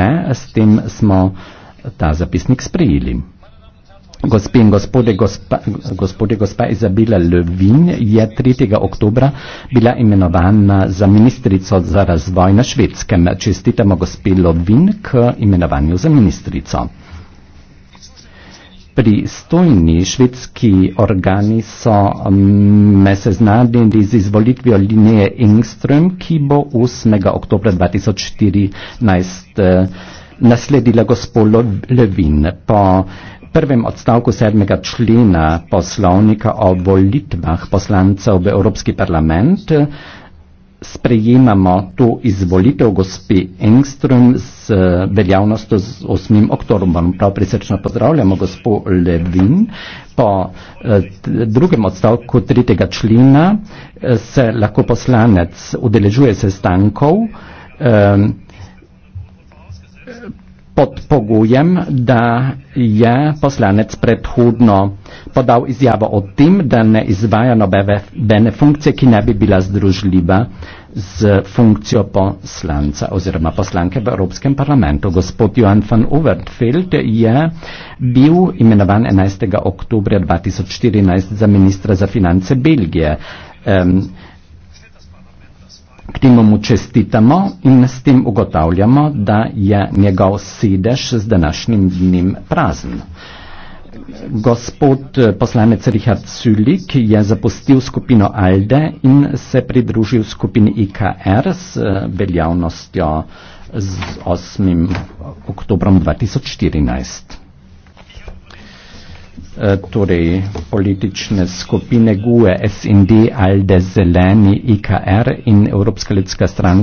Ne? S tem smo ta zapisnik sprejeli. Gospe in gospode, gospa, gospode, gospa Izabela Levin je 3. oktober bila imenovana za ministrico za razvoj na švedskem. Čestitamo gospe Levin k imenovanju za ministrico pristojni švedski organi so me seznanili z izvolitvijo linije Engström, ki bo 8. oktober 2014 nasledila gospodo Levin. Po prvem odstavku 7. člena poslovnika o volitvah poslancev v Evropski parlament sprejemamo to izvolitev gospe Engström z eh, veljavnostjo z 8. oktobrom. Prav prisrčno pozdravljamo gospo Levin. Po eh, drugem odstavku 3. člena eh, se lahko poslanec udeležuje sestankov. Um, pod pogojem, da je poslanec predhodno podal izjavo o tem, da ne izvaja nobene funkcije, ki ne bi bila združljiva z funkcijo poslanca oziroma poslanke v Evropskem parlamentu. Gospod Johan van Overtfeld je bil imenovan 11. oktober 2014 za ministra za finance Belgije. Um, Ktimo mu čestitamo in s tem ugotavljamo, da je njegov sedež z današnjim dnem prazen. Gospod eh, poslanec Richard Sulik je zapustil skupino Alde in se pridružil skupini IKR s eh, veljavnostjo z 8. oktobrom 2014. Eh, torej politične skupine GUE, SND, ALDE, Zeleni, IKR in Evropska ljudska stranka.